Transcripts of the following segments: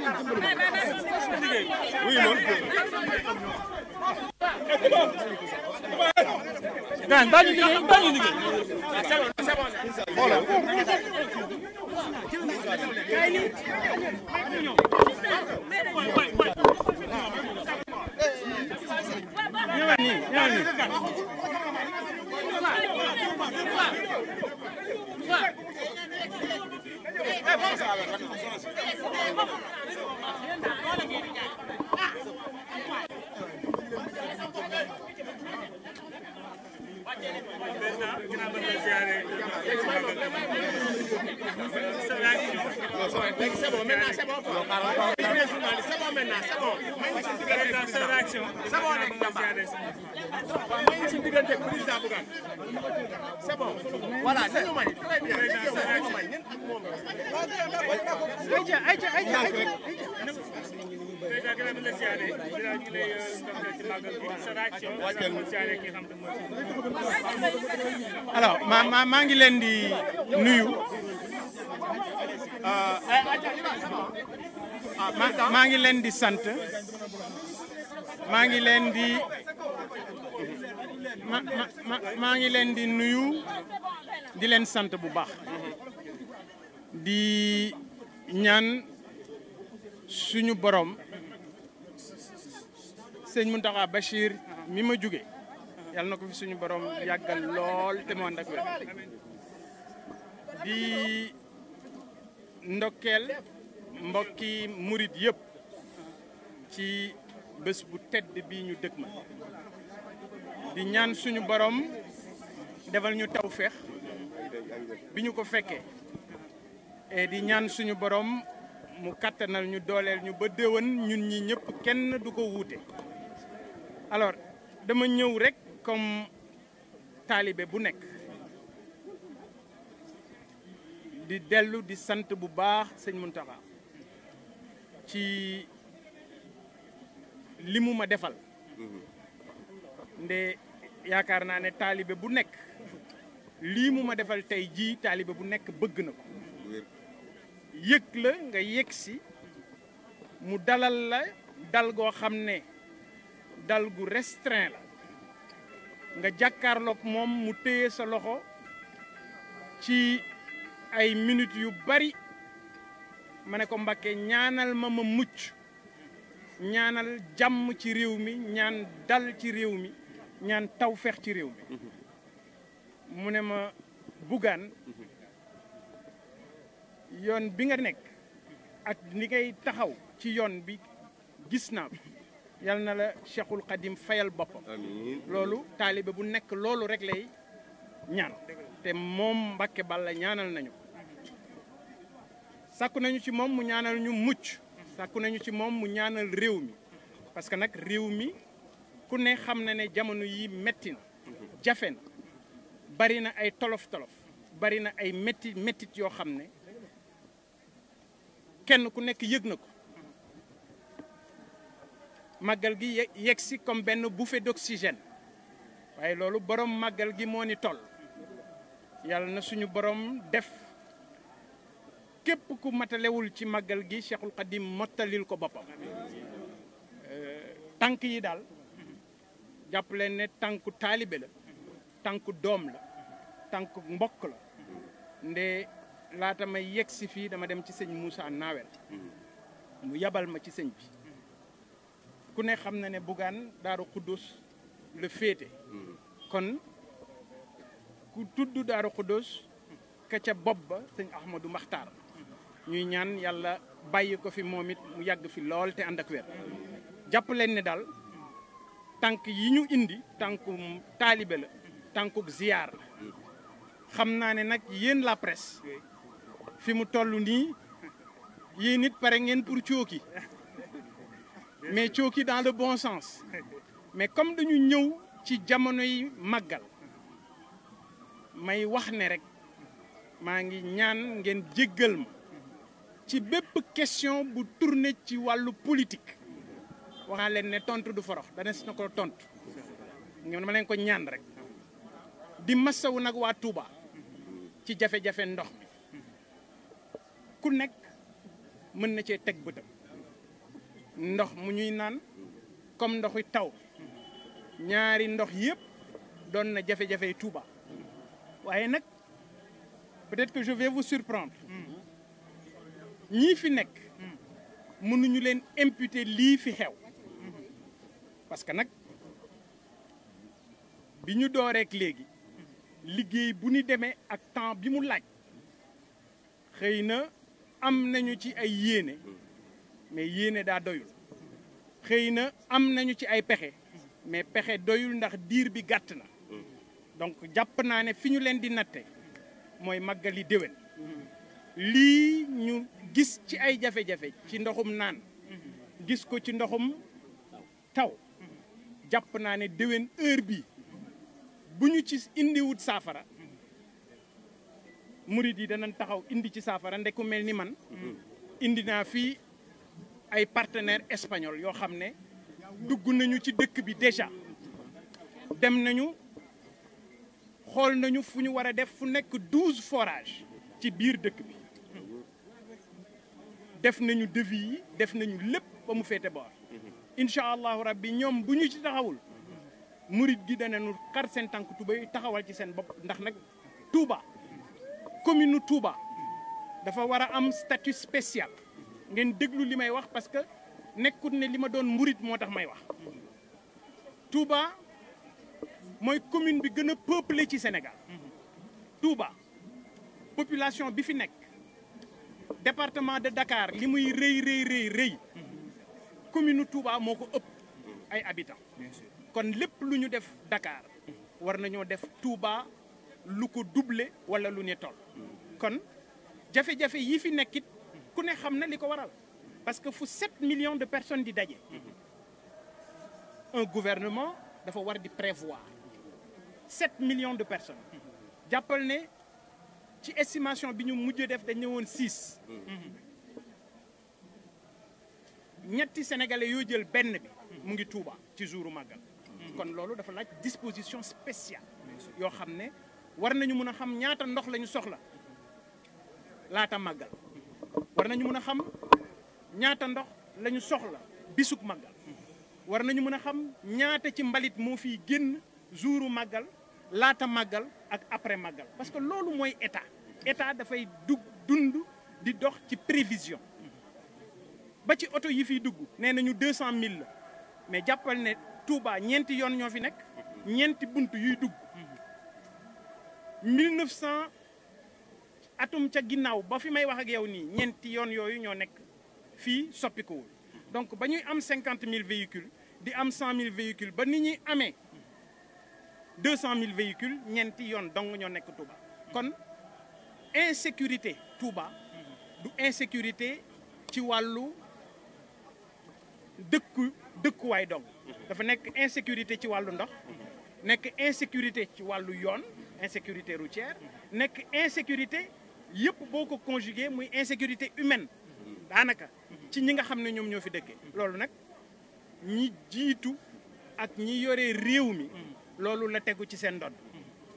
gaan baa ñu liggéey baa ñu liggéey xoolal C'est bon. Voilà, c'est bon. Très bien. alors ma ma maa ngi leen di nuyu euh, maa ngi leen di sant maa ngi leen di ma ngi leen di nuyu di leen sant bu baax di ñaan suñu borom. sëñ Mountakha Bachir mi ma jóge yàlla na ko fi suñu borom yàggal lool te mu ànd ak di ndokkeel mbokki murit yëpp ci bés bu tedd bi ñu dëkk ma di ñaan suñu boroom defal ñu tawféex bi ñu ko fekkee e di ñaan suñu boroom mu kàttanal ñu dooleel ñu ba déwén ñun ñi ñëpp kenn du ko wuute alors dama ñëw rekk comme taalibe bu nekk di dellu di sant bu baax sëñ Mountakha ci li mu ma defal nde yaakaar naa ne taalibe bu nekk lii mu ma defal tey jii taalibe bu nekk bëgg na ko yëg la nga yëg si mu dalal la dal goo xam ne dal gu restreint la nga jàkkaarloog moom mu téye sa loxo ci ay minutes yu bari ma ne ko Mbacké ñaanal ma ma mucc ñaanal jàmm ci réew mi ñaan dal ci réew mi ñaan tawfeex ci réew mi mu ne ma Bougane yoon bi nga nekk ak ni ngay taxaw ci yoon bi gis naa ko yal na la cheikhul xadim fayal boppam loolu taalibe bu nekk loolu rek lay ñaan te moom Mbàkke Balla ñaanal nañu sàkku nañu ci moom mu ñaanal ñu mucc sàkku nañu ci moom mu ñaanal réew mi parce que nag réew mi ku ne xam na ne jamono yi metti na jafe bari na ay tolof tolof bari na ay metti mettit yoo xam ne kenn ku nekk yëg na ko màggal gi yegg si comme benn bouffée d'oxygène waaye loolu borom màggal gi moo ni toll yàlla na suñu borom def képp ku matalewul ci màggal gi Cheikhul Khadim mottalil ko boppam euh, tànk yi daal jàpp leen ne tànku taalibe la tànku doom la tànku mbokk la nde laata may yegg si fii dama dem ci sëñ Moussa Nawel mu yabal ma ci sëñ bi ku ne xam na ne Bougane Daaru Xuddus la féete kon ku tudd Daaru Xuddus ka ca bopp ba sëñ Ahmadou Maxtaar ñuy ñaan yàlla bàyyi ko fi moom it mu yàgg fi lool te ànd ak wen jàpp leen ne daal tànk yi ñu indi tànkum taalibe la tànkuk ziyaar xam naa ne nag yéen la presse fi mu toll nii yéen it pare ngeen pour cooki mais cooki dans le bon sens mais comme dañu ñëw ci jamonoy yi màggal may wax ne rek maa ngi ñaan ngeen jéggal ma ci bépp question bu tourné ci wàllu politique waxaa leen ne tontu du forox danes na ko tontu ñoom ma leen ko ñaan rek di massawu nag waa Touba ci jafe-jafe ndox mi ku nekk mën na cee teg bëtam ndox mu ñuy naan comme ndoxu taw ñaari ndox yëpp doon na jafe-jafe Touba waaye nag peut-être que je vais vous ñii fi nekk mënuñu leen imputer lii fi xew parce que nag bi ñu dooreek léegi liggéey bu ñu demee ak temps bi mu laaj xëy na am nañu ci ay yéene mais yéene daa doyul xëy na am nañu ci ay pexe mais pexe doyul ndax diir bi gàtt na donc jàpp naa ne fi ñu leen di natte mooy màggali déwén lii ñu gis ci ay jafe-jafe ci ndoxum naan gis ko ci ndoxum taw jàpp naa ne déwén heure bi bu ñu ci indiwut saafara murid yi danañ taxaw indi ci saafara ndeku mel ni man indi naa fii ay partenaires espagnols yoo xam ne dugg nañu ci dëkk bi déjà dem nañu xool nañu fu ñu war a def fu nekk douze forages ci biir dëkk bi def nañu devis yi def nañu lépp ba mu féete boor incha allahu rabbi ñoom bu ñu ci taxawul murit gi danañu xar seen tànk tubéy taxawal ci seen bopp ndax nag Touba commune Touba dafa war a am statut spécial ngeen déglu li may wax parce que nekkut ne li ma doon mburit moo tax may wax Touba mooy commune bi gën a peuplé ci Sénégal Touba population bi fi nekk département de dakaar li muy rëy rëy rëy rëy commune moo ko ëpp ay habitants kon lépp lu ñu def dakaar war nañoo def Touba lu ko duble wala lu ne toll kon jafe-jafe yi fi nekkit ku ne xam na li ko waral parce que fu 7 million de personnes di daje un gouvernement dafa war di prévoir 7 million de personnes jàppal ne ci estimation bi ñu mujj def dañ ñëwoon 6 ñetti sénégalais yoo jël benn bi mu ngi Touba ci jouru màggal kon loolu dafa laaj disposition spéciale yoo xam ne war nañu mën a xam ñaata ndox la ñu soxla laata màggal war nañu mën a xam ñaata ndox lañu soxla bisug màggal war nañu mën a xam ñaata ci mbalit moo fiy génn jouru màggal laata màggal ak après màggal parce que loolu mooy état état dafay dug dund di dox ci prévision ba ci oto yi fiy dugg nee nañu deux cent mille la mais jàppal ne Touba ñeenti yoon ñoo fi nekk ñeenti bunt yuy dugg mille atum ca ginnaaw ba fi may wax ak yow nii ñeenti yoon yooyu ñoo nekk fii soppikuwul donc ba ñuy am cinquante mille véhicules di am cent mille véhicules ba ni ñuy amee deux cent mille véhicules ñeenti yoon dong ñoo nekk Touba kon insécurité Touba du insécurité ci wàllu dëkku dëkkuwaay dong dafa nekk insécurité ci wàllu ndox nekk insécurité ci wàllu yoon insécurité routière nekk insécurité yëpp boo ko conjugué muy insécurité humaine daanaka ci ñi nga xam ne ñoom ñoo fi dëkkee loolu nag ñi jiitu ak ñi yore réew mi loolu la tegu ci seen ndodd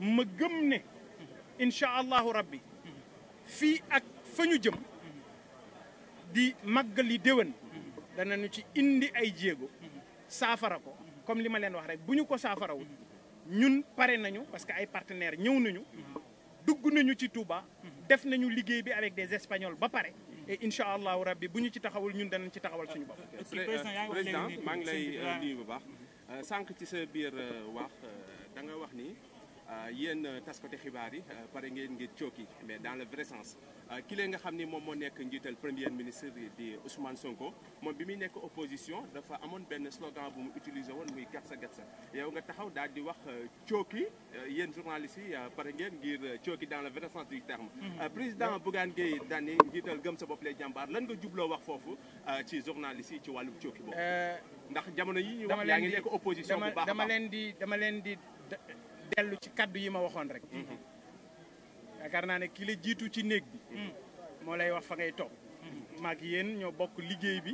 ma gëm ne incha allahu rabbi fii ak fa ñu jëm di màggali déwén danañu ci indi ay jéego saafara ko comme li ma leen wax rek bu ñu ko saafarawul ñun pare nañu parce que ay partenaires ñëw nañu dugg nañu ci tuuba def nañu liggéey bi avec des espagnols ba pare et incha allahu rabbi bu ñu ci taxawul ñun danañ ci taxawal suñu bopp. président maa ngi lay euh, nuyu bu baax euh, sànq ci sa biir euh, wax. Euh, yéen euh, taskati xibaar yi euh, pare ngeen ngir cooki mais dans le vrai sens nga xam ni moom moo nekk njiital premier ministre di Ousmane Sonko moom bi muy nekk opposition dafa amoon benn slogan bu mu utiliser woon muy gatsa gatsa yow nga taxaw daal di wax cooki yéen journalistes yi pare ngeen ngir cooki dans le vrai sens du terme. Mm-hmm. président Bougane Gueye Dany njiital gëm sa bopp lay jàmbaar lan nga jubloo wax foofu ci journalistes yi ci wàllum cooki boobu. ndax jamono yi ñu yaa ngi nekk opposition bu baax di dama leen di. dellu ci kaddu yi ma waxoon rek mhm. yaakaar naa ne ki la jiitu ci néeg bi mhm. moo lay wax fa ngay toog maag mhm. yéen ñoo bokk liggéey bi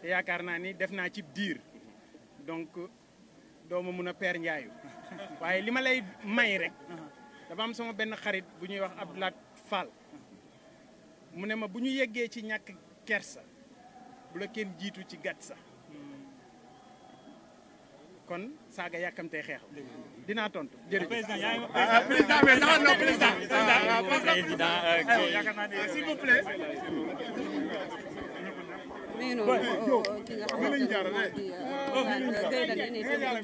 te yaakaar naa ni def naa ci diir donc dooma mun a per njaayu waaye li ma lay may rek dafa am sama benn xarit bu ñuy wax Abdoulaat Fall mu ne ma bu ñu yeggee ci ñàkk kersa bu la kenn jiitu ci gàtt sa kon saaga yàkkamtee xeex dinaa tontu jërëjëf. président ah, mais non non président. Ah, ah, président s'il vous plaît. mais non euh, euh, ki nga xamante ne euh, oh,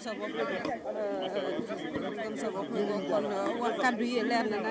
sa bopp kon